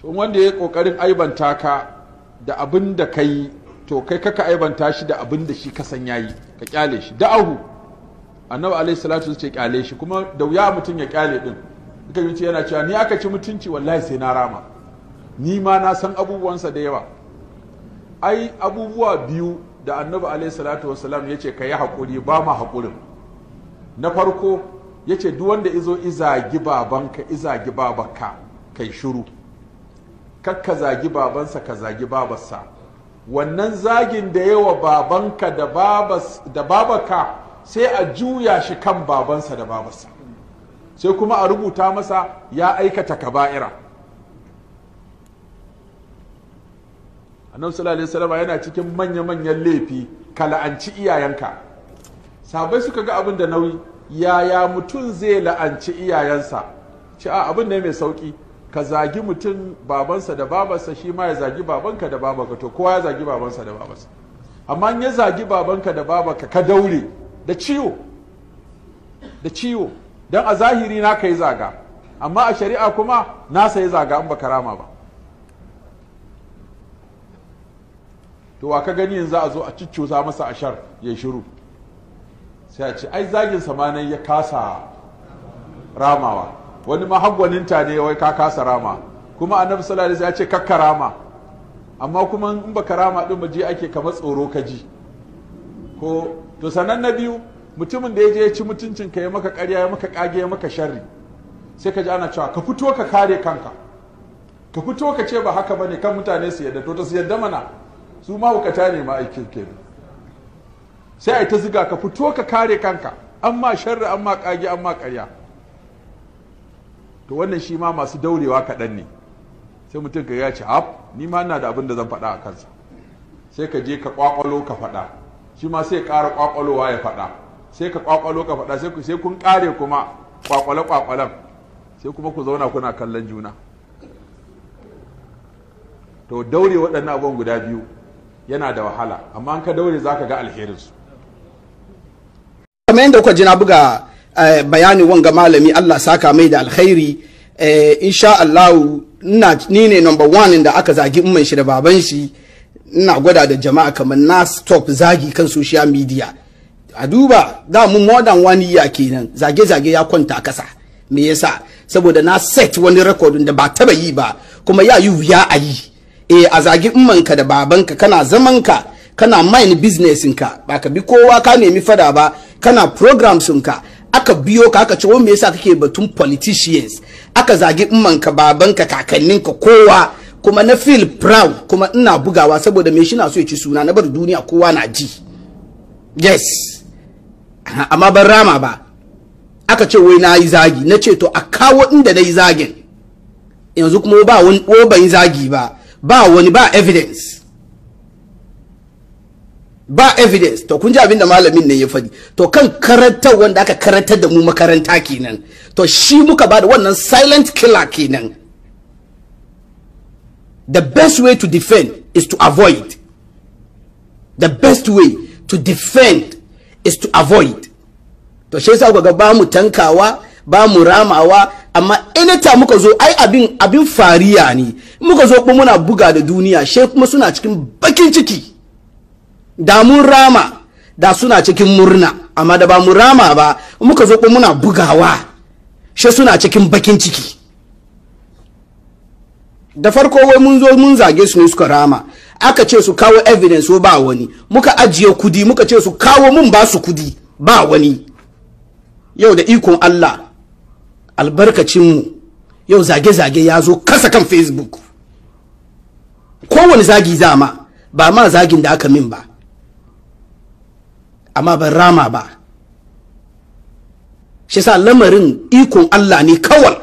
to wanda ya kokarin aibanta ka da abin da ka yi to kai kaka aibanta shi da abin da shi ka san yi ka kyale shi da'ahu annabi alaihi salatu ce kyale shi kuma da wuya mutum ya kyale din duka yi yana cewa ni aka ci mutunci wallahi sai na rama ni ma na san abubuwansa da yawa ai abubuwa biyu da annabi alaihi salatu wassalam ya ce ka yi haƙuri ba ma haƙurin na farko ya ce duk wanda izo izagi babanka izagi babanka kai shiru kakka zagi babansa ka zagi babarsa wannan zagin da yawa babanka da babaka sai a juya shi kan babansa da babarsa sai kuma a rubuta masa ya aikata ka kaba'ira annabi sallallahu alaihi wasallam yana cikin manya-manyan laifi ka la'anci iyayenka sabai suka ga abin da nauyi yaya mutum zai la'anci iyayensa ci a abin ne mai sauki ka zagi mutum babansa da babansa shi ma ya zagi babanka da babanka to kowa ya zagi babansa da babansa. amma ya zagi babanka da babanka ka daure da ciwo da ciwo don a zahiri na ka yi zaga amma a shari'a kuma nasa yi zaga in baka rama ba to wa ka gani yanzu a zo a ciccusa masa ashar ya shiru sai a ce ai zagin sa ma ya kasa ramawa wani mahagwaninta ne wai ka kasa rama kuma annabi sallallahu alaihi ya ce kakka rama amma kuma in baka rama din baje ake kamar tsoro ka ji ko to sanan na biyu mutumin da ya je ya ci mutuncin ka ya maka ƙarya ya maka kage ya maka sharri sai ka ji ana cewa ka fito ka kare kanka ka fito ka ce ba haka bane kan mutane su yadda to ta su yadda mana su mahaukata ne ma aikin kenan sai yi ta ziga ka fito ka kare kanka amma sharri amma kage amma ƙarya to wannan shi ma masu daurewa kaɗan ne sai mutum ka ya ce haf ni ma ina da abin da zan faɗa a kansa sai ka je ka kwakwalo ka faɗa shi ma sai ƙara kwakwalowa ya faɗa sai ka kwakwalo ka faɗa sai kun ƙare kuma ƙwaƙwale ƙwaƙwalen sai kuma ku zauna kuna kallon juna to daure waɗannan abubuwan guda biyu yana da wahala amma an ka daure za ka ga alherinsu kamar yadda kuka ji na buga Eh, bayanin wanga malami Allah saka mai da alkhairi eh, insha Allah ina ni ne number one da aka zagi umman shi da baban shi ina gwada da jama'a kamar na stop zagi kan social media a duba da mu more than one year kenan zage-zage ya kwanta kasa me yasa saboda na set wani record da ba taba yi ba kuma ya yi ya ayi eh a zagi umman ka da babanka kana zaman ka kana mind ka ba ka bi kowa ka nemi fada ba kana programs ka aka biyo ka aka ce wani me yasa kake batun politicians aka zagi ka babanka kakanninka kowa kuma na feel proud kuma ina bugawa saboda me shi na so ya ci suna na bar duniya kowa na ji yes amma ban rama ba aka ce wai na yi zagi na ce to a kawo inda na yi zagin yanzu kuma ba wani ban yi zagi ba ba wani ba evidence ba evidence to kun ji abin da malamin ne ya faɗi to kan karantar wanda aka karantar da mu makaranta kenan to shi muka ba da wannan silent killer kenan the best way to defend is to avoid the best way to defend is to avoid to shi yasa ga ba mu tankawa ba mu ramawa amma inata muka zo ai abin abin fariya ne muka zo kuma muna buga da duniya she kuma suna cikin bakin ciki da mun rama da suna cikin murna amma da ba mu rama ba muka zo kuma muna bugawa shi suna cikin bakin ciki da farko wai mun zo mun zage su ne suka rama aka ce su kawo evidence ba wani muka ajiye kudi muka ce su kawo mun ba su kudi ba wani yau da ikon Allah albarkacinmu yau zage-zage ya zo kasa kan facebook kowane zagi zama ba ma zagin da aka min ba amma ban rama ba shi sa lamarin ikon Allah ne kawal